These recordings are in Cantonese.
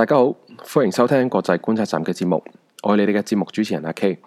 大家好，歡迎收聽國際觀察站嘅節目，我係你哋嘅節目主持人阿 K。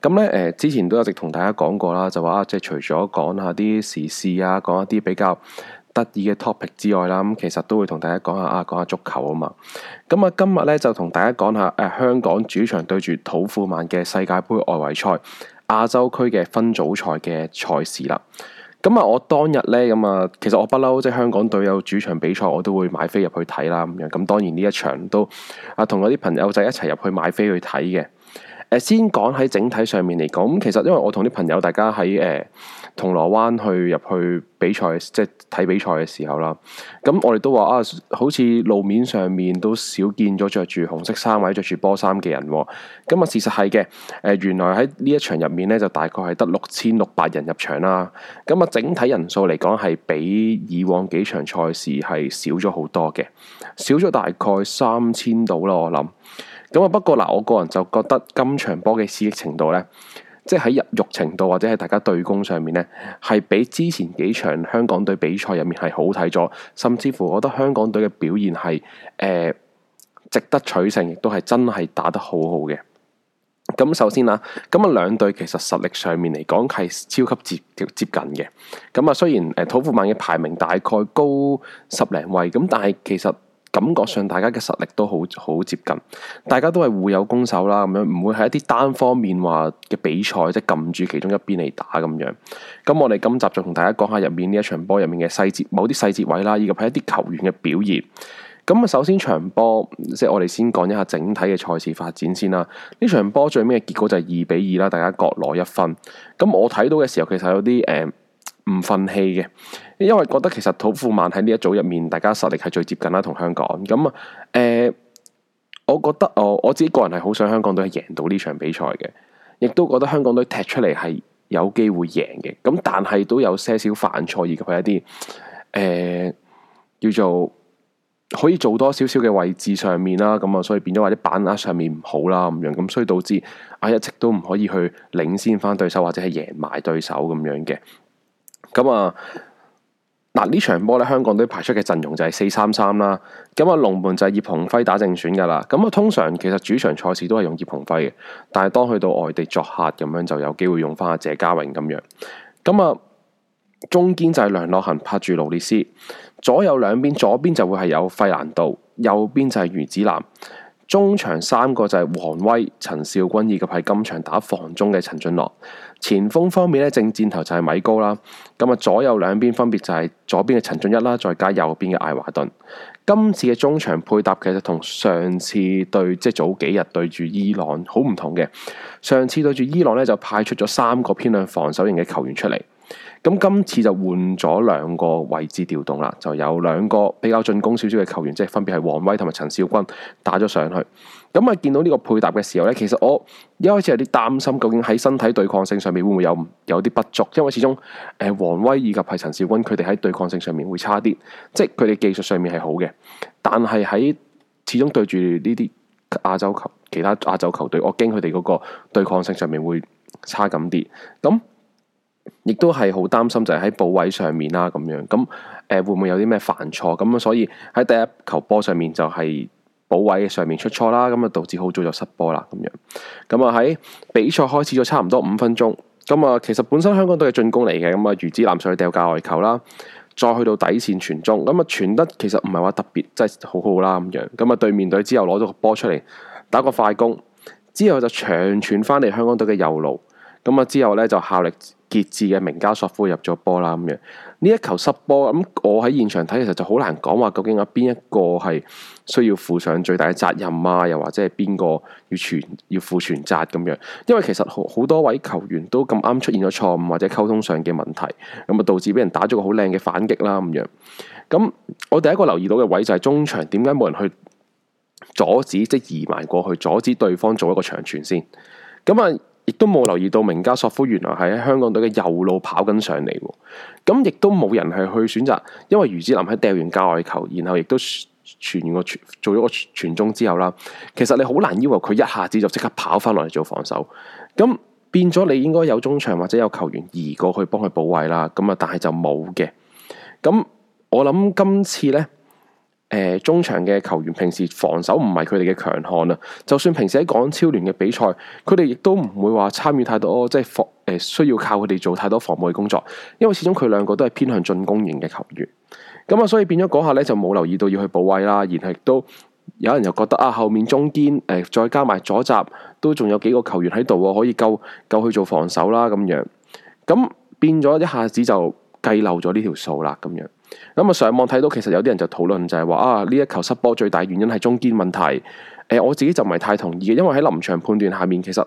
咁咧，誒，之前都一直同大家講過啦，就話啊，即係除咗講下啲時事啊，講一啲比較得意嘅 topic 之外啦，咁其實都會同大家講下啊，講下足球啊嘛。咁啊，今日咧就同大家講下誒，香港主場對住土庫曼嘅世界杯外圍賽亞洲區嘅分組賽嘅賽事啦。咁啊！我當日呢，咁啊，其實我不嬲，即係香港隊有主場比賽，我都會買飛入去睇啦咁樣。咁當然呢一場都啊，同我啲朋友仔一齊入去買飛去睇嘅。誒，先講喺整體上面嚟講，其實因為我同啲朋友大家喺誒。呃銅鑼灣去入去比賽，即係睇比賽嘅時候啦。咁我哋都話啊，好似路面上面都少見咗着住紅色衫或者着住波衫嘅人。咁、哦、啊、嗯，事實係嘅。誒、呃，原來喺呢一場入面呢，就大概係得六千六百人入場啦。咁、嗯、啊、嗯，整體人數嚟講係比以往幾場賽事係少咗好多嘅，少咗大概三千到啦。我諗。咁、嗯、啊，不過嗱，我個人就覺得今場波嘅刺激程度呢。即係喺入肉程度或者係大家對攻上面呢，係比之前幾場香港隊比賽入面係好睇咗，甚至乎我覺得香港隊嘅表現係誒、呃、值得取勝，亦都係真係打得好好嘅。咁、嗯、首先啦，咁啊，兩隊其實實力上面嚟講係超級接接近嘅。咁、嗯、啊，雖然誒、嗯、土庫曼嘅排名大概高十零位，咁、嗯、但係其實。感覺上大家嘅實力都好好接近，大家都係互有攻守啦，咁樣唔會係一啲單方面話嘅比賽，即係撳住其中一邊嚟打咁樣。咁我哋今集就同大家講下入面呢一場波入面嘅細節，某啲細節位啦，以及係一啲球員嘅表現。咁啊，首先場波即係我哋先講一下整體嘅賽事發展先啦。呢場波最尾嘅結果就係二比二啦，大家各攞一分。咁我睇到嘅時候，其實有啲誒。Uh, 唔忿氣嘅，因為覺得其實土庫曼喺呢一組入面，大家實力係最接近啦，同香港咁啊。誒、呃，我覺得我我自己個人係好想香港隊贏到呢場比賽嘅，亦都覺得香港隊踢出嚟係有機會贏嘅。咁但係都有些少犯錯，以及一啲誒、呃、叫做可以做多少少嘅位置上面啦。咁啊，所以變咗或者板壓上面唔好啦，咁樣咁，所以導致啊一直都唔可以去領先翻對手，或者係贏埋對手咁樣嘅。咁啊，嗱呢場波咧，香港隊排出嘅陣容就係四三三啦。咁啊，龍門就係葉鴻輝打正選噶啦。咁啊，通常其實主場賽事都係用葉鴻輝嘅，但係當去到外地作客咁樣，樣，就有機會用翻阿謝家榮咁樣。咁啊，中間就係梁諾恆拍住勞列斯，左右兩邊，左邊就會係有費蘭度，右邊就係余子男。中場三個就係王威、陳少君以及喺今場打防中嘅陳俊樂。前鋒方面咧，正箭頭就係米高啦。咁啊，左右兩邊分別就係左邊嘅陳俊一啦，再加右邊嘅艾華頓。今次嘅中場配搭其實同上次對即係早幾日對住伊朗好唔同嘅，上次對住伊朗咧就派出咗三個偏向防守型嘅球員出嚟，咁今次就換咗兩個位置調動啦，就有兩個比較進攻少少嘅球員，即係分別係黃威同埋陳肇鈞打咗上去。咁啊，見到呢個配搭嘅時候咧，其實我一開始有啲擔心，究竟喺身體對抗性上面會唔會有有啲不足？因為始終誒黃威以及係陳少温，佢哋喺對抗性上面會差啲，即係佢哋技術上面係好嘅，但係喺始終對住呢啲亞洲球其他亞洲球隊，我驚佢哋嗰個對抗性上面會差咁啲。咁亦都係好擔心，就係喺部位上面啦，咁樣，咁誒、呃、會唔會有啲咩犯錯，咁樣，所以喺第一球波上面就係、係。補位嘅上面出錯啦，咁啊，導致好早就失波啦，咁樣，咁啊喺比賽開始咗差唔多五分鐘，咁啊其實本身香港隊嘅進攻嚟嘅，咁啊如之南上去掉界外球啦，再去到底線傳中，咁啊傳得其實唔係話特別即係好好啦，咁樣，咁啊對面隊之後攞咗個波出嚟打個快攻，之後就長傳翻嚟香港隊嘅右路，咁啊之後呢就效力傑志嘅明加索夫入咗波啦，咁樣呢一球失波，咁我喺現場睇其實就好難講話，究竟有、啊、邊一個係需要負上最大嘅責任啊？又或者係邊個要全要負全責咁樣？因為其實好好多位球員都咁啱出現咗錯誤或者溝通上嘅問題，咁啊導致俾人打咗個好靚嘅反擊啦，咁樣。咁我第一個留意到嘅位就係中場，點解冇人去阻止即、就是、移埋過去，阻止對方做一個長傳先？咁啊？亦都冇留意到明加索夫原來係喺香港隊嘅右路跑緊上嚟，咁亦都冇人係去選擇，因為余志林喺掟完界外球，然後亦都傳個傳做咗個傳中之後啦，其實你好難要求佢一下子就即刻跑翻落嚟做防守，咁變咗你應該有中場或者有球員移過去幫佢補位啦，咁啊但係就冇嘅，咁我諗今次咧。誒，中場嘅球員平時防守唔係佢哋嘅強項啦，就算平時喺港超聯嘅比賽，佢哋亦都唔會話參與太多，即係防誒需要靠佢哋做太多防衛工作，因為始終佢兩個都係偏向進攻型嘅球員，咁啊，所以變咗嗰下咧就冇留意到要去補位啦，而係都有人又覺得啊，後面中堅誒、呃、再加埋左閘都仲有幾個球員喺度可以夠夠去做防守啦咁樣，咁變咗一下子就。計漏咗呢條數啦，咁樣咁啊，上網睇到其實有啲人就討論就係話啊，呢一球失波最大原因係中堅問題。誒、呃，我自己就唔係太同意嘅，因為喺臨場判斷下面，其實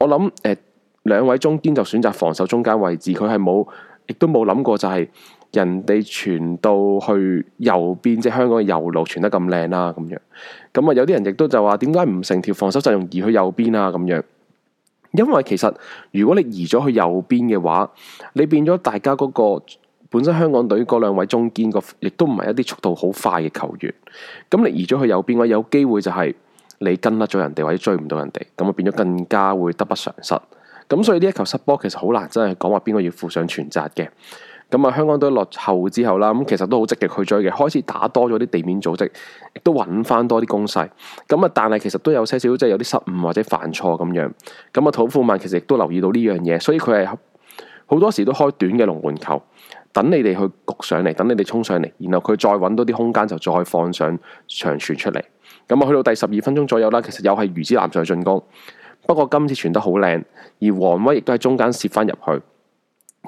我諗誒、呃、兩位中堅就選擇防守中間位置，佢係冇亦都冇諗過就係人哋傳到去右邊即係、就是、香港嘅右路傳得咁靚啦，咁樣。咁啊，有啲人亦都就話點解唔成條防守陣容移去右邊啊，咁樣。因為其實如果你移咗去右邊嘅話，你變咗大家嗰、嗰個本身香港隊嗰兩位中堅個，亦都唔係一啲速度好快嘅球員，咁你移咗去右邊嘅話，有機會就係你跟甩咗人哋或者追唔到人哋，咁啊變咗更加會得不償失。咁所以呢一球失波其實好難真係講話邊個要負上全責嘅。咁啊，香港隊落後之後啦，咁其實都好積極去追嘅，開始打多咗啲地面組織，亦都揾翻多啲攻勢。咁啊，但係其實都有些少即係有啲失誤或者犯錯咁樣。咁啊，土庫曼其實亦都留意到呢樣嘢，所以佢係好多時都開短嘅龍門球，等你哋去焗上嚟，等你哋衝上嚟，然後佢再揾多啲空間就再放上長傳出嚟。咁啊，去到第十二分鐘左右啦，其實又係茹子楠在進攻，不過今次傳得好靚，而黃威亦都喺中間攝翻入去，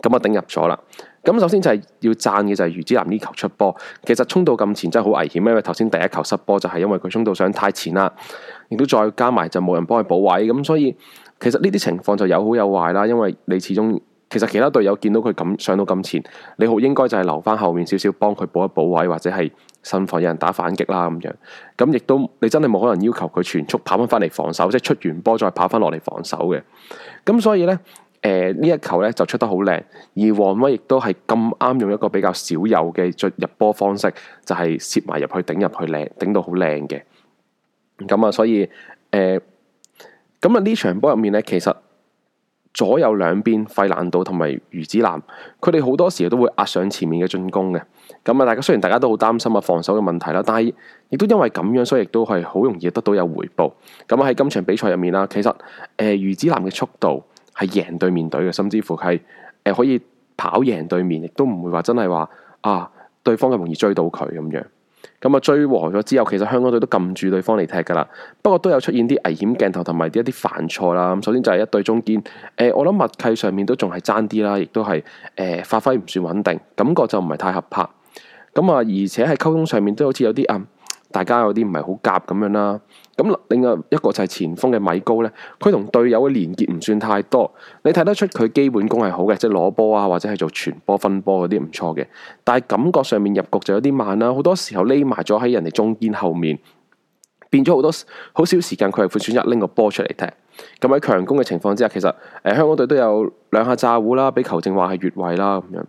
咁啊頂入咗啦。咁首先就係要讚嘅就係余子南呢球出波，其實衝到咁前真係好危險，因為頭先第一球失波就係因為佢衝到上太前啦，亦都再加埋就冇人幫佢補位，咁所以其實呢啲情況就有好有壞啦。因為你始終其實其他隊友見到佢咁上到咁前，你好應該就係留翻後面少少幫佢補一補位，或者係身防有人打反擊啦咁樣。咁亦都你真係冇可能要求佢全速跑翻翻嚟防守，即係出完波再跑翻落嚟防守嘅。咁所以呢。誒，呢一球咧就出得好靚，而黃威亦都係咁啱用一個比較少有嘅入入波方式，就係攝埋入去頂入去靚，頂到好靚嘅。咁啊，所以誒，咁、呃、啊呢場波入面咧，其實左右兩邊費蘭道同埋余子南，佢哋好多時都會壓上前面嘅進攻嘅。咁啊，大家雖然大家都好擔心啊防守嘅問題啦，但係亦都因為咁樣，所以亦都係好容易得到有回報。咁啊喺今場比賽入面啦，其實誒余、呃、子南嘅速度。係贏對面隊嘅，甚至乎係誒、呃、可以跑贏對面，亦都唔會話真係話啊對方咁容易追到佢咁樣。咁啊追和咗之後，其實香港隊都撳住對方嚟踢噶啦。不過都有出現啲危險鏡頭同埋啲一啲犯錯啦。咁首先就係一對中堅，誒、呃、我諗默契上面都仲係爭啲啦，亦都係誒發揮唔算穩定，感覺就唔係太合拍。咁啊，而且喺溝通上面都好似有啲啊，大家有啲唔係好夾咁樣啦。咁另外一個就係前鋒嘅米高呢佢同隊友嘅連結唔算太多。你睇得出佢基本功係好嘅，即係攞波啊或者係做傳波分波嗰啲唔錯嘅。但係感覺上面入局就有啲慢啦，好多時候匿埋咗喺人哋中堅後面，變咗好多好少時間佢係會選擇拎個波出嚟踢。咁喺強攻嘅情況之下，其實誒、呃、香港隊都有兩下炸糊啦，俾球證話係越位啦咁樣。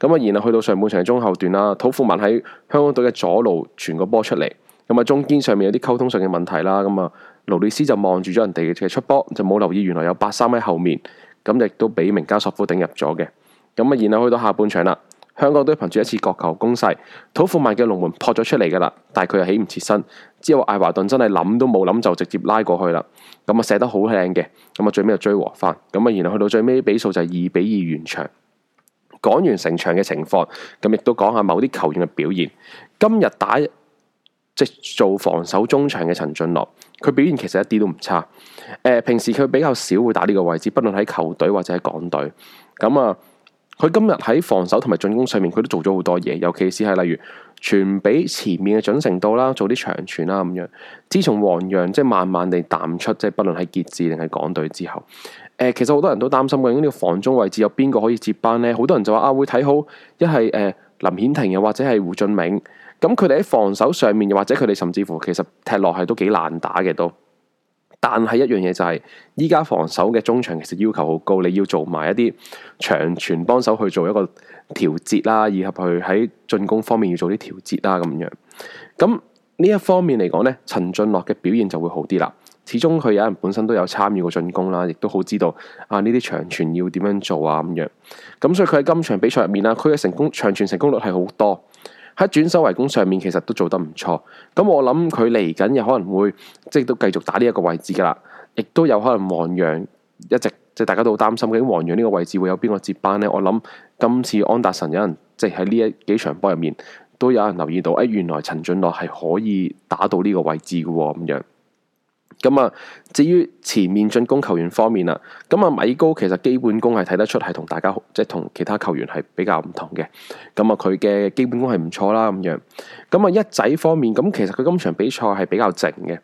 咁啊，然後去到上半場中後段啦，土庫曼喺香港隊嘅左路傳個波出嚟。咁啊，中堅上面有啲溝通上嘅問題啦。咁啊，勞利斯就望住咗人哋嘅出波，就冇留意原來有八三喺後面。咁亦都俾明加索夫頂入咗嘅。咁啊，然後去到下半場啦，香港都憑住一次角球攻勢，土庫曼嘅龍門撲咗出嚟噶啦。但係佢又起唔切身，之後艾華頓真係諗都冇諗就直接拉過去啦。咁啊，射得好靚嘅。咁啊，最尾就追和翻。咁啊，然後去到最尾，比數就係二比二完場。講完成場嘅情況，咁亦都講下某啲球員嘅表現。今日打。即做防守中場嘅陳俊樂，佢表現其實一啲都唔差。誒、呃，平時佢比較少會打呢個位置，不論喺球隊或者喺港隊。咁啊，佢今日喺防守同埋進攻上面，佢都做咗好多嘢。尤其是係例如傳俾前面嘅準成度啦，做啲長傳啦咁樣。自從黃洋，即係慢慢地淡出，即係不論係傑志定係港隊之後，誒、呃，其實好多人都擔心究竟呢個防中位置有邊個可以接班呢？好多人就話啊，會睇好一係誒林顯庭又或者係胡俊明。咁佢哋喺防守上面，又或者佢哋甚至乎其實踢落去都幾難打嘅，都。但係一樣嘢就係，依家防守嘅中場其實要求好高，你要做埋一啲長傳幫手去做一個調節啦，以及去喺進攻方面要做啲調節啦，咁樣。咁呢一方面嚟講咧，陳俊樂嘅表現就會好啲啦。始終佢有人本身都有參與過進攻啦，亦都好知道啊呢啲長傳要點樣做啊咁樣。咁所以佢喺今場比賽入面啦，佢嘅成功長傳成功率係好多。喺轉守為攻上面其實都做得唔錯，咁我諗佢嚟緊有可能會即係都繼續打呢一個位置噶啦，亦都有可能黃洋一直即係、就是、大家都好擔心究竟黃洋呢個位置會有邊個接班呢？我諗今次安達臣有人即係喺呢一幾場波入面都有人留意到，哎原來陳俊樂係可以打到呢個位置嘅喎咁樣。咁啊，至於前面進攻球員方面啦，咁啊米高其實基本功係睇得出係同大家即係同其他球員係比較唔同嘅。咁啊佢嘅基本功係唔錯啦咁樣。咁啊一仔方面，咁其實佢今場比賽係比較靜嘅。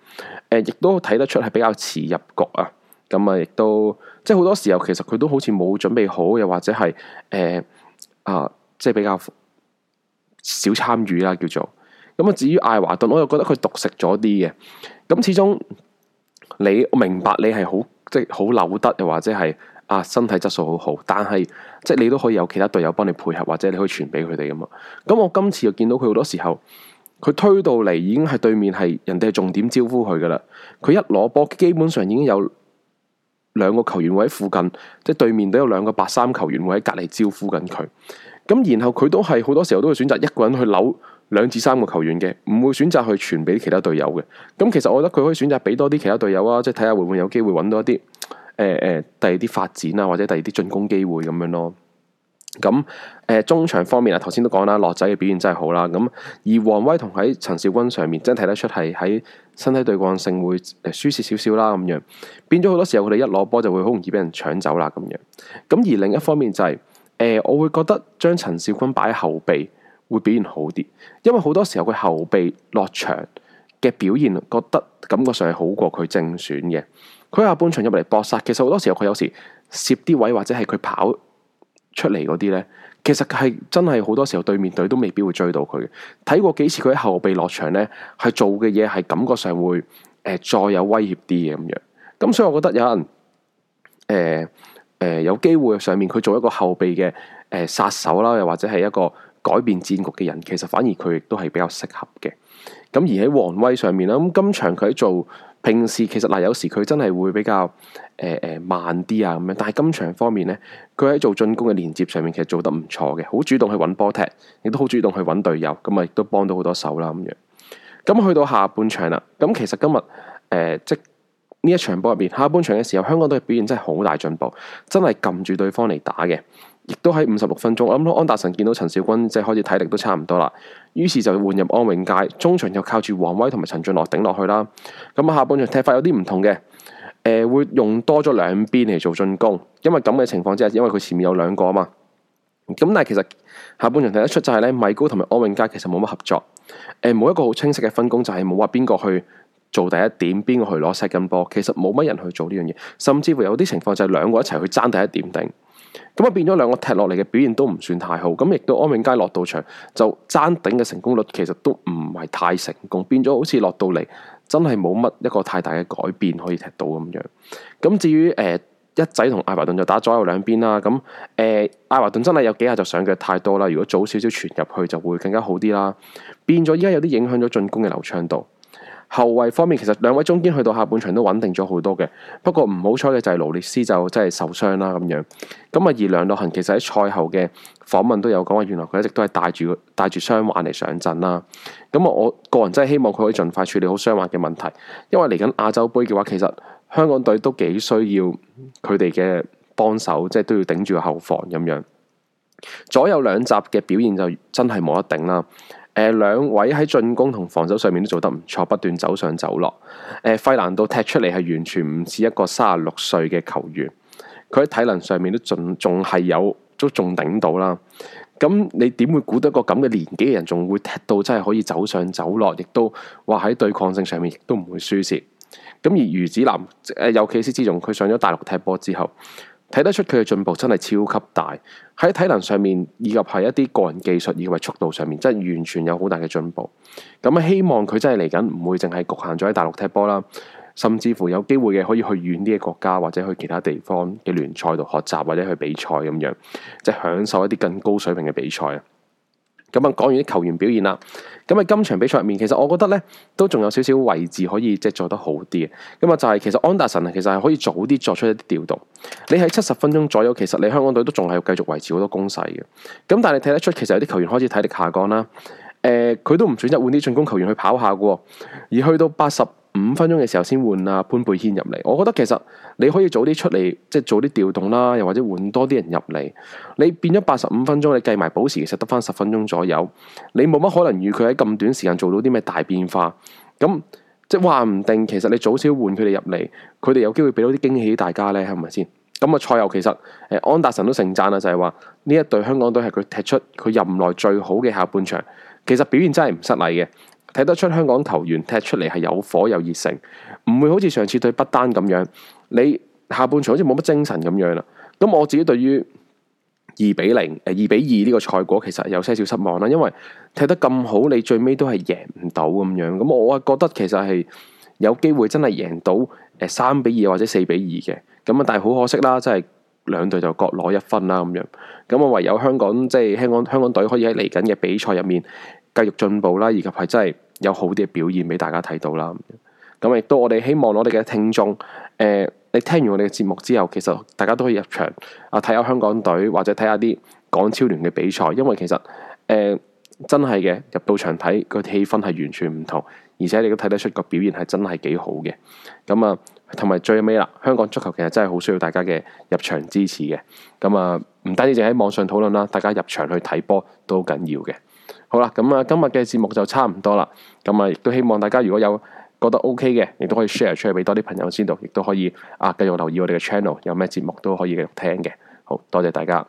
誒，亦都睇得出係比較遲入局啊。咁啊，亦都即係好多時候其實佢都好似冇準備好，又或者係誒、呃、啊，即係比較少參與啦叫做。咁啊，至於艾華頓，我又覺得佢獨食咗啲嘅。咁始終。你我明白你係好即係好扭得，又或者係啊身體質素好好，但係即係你都可以有其他隊友幫你配合，或者你可以傳俾佢哋噶嘛。咁我今次又見到佢好多時候，佢推到嚟已經係對面係人哋係重點招呼佢噶啦。佢一攞波，基本上已經有兩個球員會喺附近，即係對面都有兩個白衫球員會喺隔籬招呼緊佢。咁然後佢都係好多時候都會選擇一個人去扭兩至三個球員嘅，唔會選擇去傳俾其他隊友嘅。咁其實我覺得佢可以選擇俾多啲其他隊友啊，即係睇下會唔會有機會揾到一啲誒誒第二啲發展啊，或者第二啲進攻機會咁樣咯。咁誒、呃、中場方面啊，頭先都講啦，樂仔嘅表現真係好啦。咁而王威同喺陳少君上面，真係睇得出係喺身體對抗性會舒適少少啦咁樣，變咗好多時候佢哋一攞波就會好容易俾人搶走啦咁樣。咁而另一方面就係、是、誒、呃、我會覺得將陳少君擺後備。會表現好啲，因為好多時候佢後備落場嘅表現，覺得感覺上係好過佢正選嘅。佢下半場入嚟搏殺，其實好多時候佢有時攝啲位或者係佢跑出嚟嗰啲呢，其實係真係好多時候對面隊都未必會追到佢。睇過幾次佢喺後備落場呢，係做嘅嘢係感覺上會誒再有威脅啲嘅咁樣。咁所以我覺得有人誒誒、呃呃、有機會上面佢做一個後備嘅誒殺手啦，又或者係一個。改變戰局嘅人，其實反而佢亦都係比較適合嘅。咁而喺皇威上面啦，咁今場佢喺做平時其實嗱，有時佢真係會比較誒誒、呃、慢啲啊咁樣。但係今場方面呢，佢喺做進攻嘅連接上面其實做得唔錯嘅，好主動去揾波踢，亦都好主動去揾隊友，咁啊亦都幫到好多手啦咁樣。咁去到下半場啦，咁其實今日誒、呃、即呢一場波入面，下半場嘅時候，香港隊表現真係好大進步，真係撳住對方嚟打嘅。亦都喺五十六分鐘，我諗安達臣見到陳少君即係開始體力都差唔多啦，於是就換入安永佳，中場又靠住黃威同埋陳俊樂頂落去啦。咁下半場踢法有啲唔同嘅，誒、呃、會用多咗兩邊嚟做進攻，因為咁嘅情況之下，因為佢前面有兩個啊嘛。咁但係其實下半場睇得出就係、是、咧，米高同埋安永佳其實冇乜合作，誒、呃、冇一個好清晰嘅分工，就係冇話邊個去做第一點，邊個去攞石根波，其實冇乜人去做呢樣嘢，甚至乎有啲情況就係兩個一齊去爭第一點頂。咁啊，變咗兩個踢落嚟嘅表現都唔算太好，咁亦都安永佳落到場就爭頂嘅成功率其實都唔係太成功，變咗好似落到嚟真係冇乜一個太大嘅改變可以踢到咁樣。咁至於誒、呃、一仔同艾華頓就打左右兩邊啦，咁誒、呃、艾華頓真係有幾下就上腳太多啦，如果早少少傳入去就會更加好啲啦，變咗依家有啲影響咗進攻嘅流暢度。後衛方面，其實兩位中堅去到下半場都穩定咗好多嘅，不過唔好彩嘅就係勞烈斯就真係受傷啦咁樣，咁啊而梁諾恆其實喺賽後嘅訪問都有講話，原來佢一直都係帶住帶住傷患嚟上陣啦，咁啊我個人真係希望佢可以盡快處理好傷患嘅問題，因為嚟緊亞洲杯嘅話，其實香港隊都幾需要佢哋嘅幫手，即係都要頂住後防咁樣。左右兩閘嘅表現就真係冇得頂啦。誒，兩位喺進攻同防守上面都做得唔錯，不斷走上走落。誒、呃，費蘭度踢出嚟係完全唔似一個三十六歲嘅球員，佢喺體能上面都仲仲係有都仲頂到啦。咁你點會估得一個咁嘅年紀嘅人仲會踢到真係可以走上走落，亦都話喺對抗性上面亦都唔會輸蝕。咁而余子南、呃、尤其是自從佢上咗大陸踢波之後，睇得出佢嘅進步真係超級大，喺體能上面以及係一啲個人技術，以及速度上面，真係完全有好大嘅進步。咁希望佢真係嚟緊唔會淨係局限咗喺大陸踢波啦，甚至乎有機會嘅可以去遠啲嘅國家或者去其他地方嘅聯賽度學習或者去比賽咁樣，即係享受一啲更高水平嘅比賽啊！咁啊，講完啲球員表現啦，咁喺今場比賽入面，其實我覺得咧，都仲有少少位置可以即係做得好啲嘅。咁啊，就係其實安達臣啊，其實係可以早啲作出一啲調度。你喺七十分鐘左右，其實你香港隊都仲係要繼續維持好多攻勢嘅。咁但係你睇得出，其實有啲球員開始體力下降啦。誒、呃，佢都唔選擇換啲進攻球員去跑下嘅，而去到八十。五分鐘嘅時候先換啊潘貝軒入嚟，我覺得其實你可以早啲出嚟，即係早啲調動啦，又或者換多啲人入嚟，你變咗八十五分鐘，你計埋補時，其實得返十分鐘左右，你冇乜可能預佢喺咁短時間做到啲咩大變化，咁即係話唔定，其實你早少少換佢哋入嚟，佢哋有機會俾到啲驚喜大家呢，係咪先？咁啊賽後，其實安達臣都盛讚啊，就係話呢一隊香港隊係佢踢出佢任內最好嘅下半場，其實表現真係唔失禮嘅。睇得出香港球員踢出嚟係有火有熱誠，唔會好似上次對不丹咁樣，你下半場好似冇乜精神咁樣啦。咁我自己對於二比零、誒二比二呢個賽果其實有些少失望啦，因為踢得咁好，你最尾都係贏唔到咁樣。咁我啊覺得其實係有機會真係贏到誒三比二或者四比二嘅。咁啊，但係好可惜啦，真係兩隊就各攞一分啦咁樣。咁我唯有香港即係香港香港隊可以喺嚟緊嘅比賽入面。繼續進步啦，以及係真係有好啲嘅表現俾大家睇到啦。咁亦都我哋希望我哋嘅聽眾，誒、呃，你聽完我哋嘅節目之後，其實大家都可以入場啊，睇下香港隊或者睇下啲港超聯嘅比賽。因為其實誒、呃，真係嘅入到場睇佢氣氛係完全唔同，而且你都睇得出個表現係真係幾好嘅。咁啊，同埋最尾啦，香港足球其實真係好需要大家嘅入場支持嘅。咁啊，唔單止淨喺網上討論啦，大家入場去睇波都好緊要嘅。好啦，咁啊，今日嘅節目就差唔多啦。咁啊，亦都希望大家如果有覺得 OK 嘅，亦都可以 share 出去俾多啲朋友知道，亦都可以啊繼續留意我哋嘅 channel，有咩節目都可以繼續聽嘅。好，多謝大家。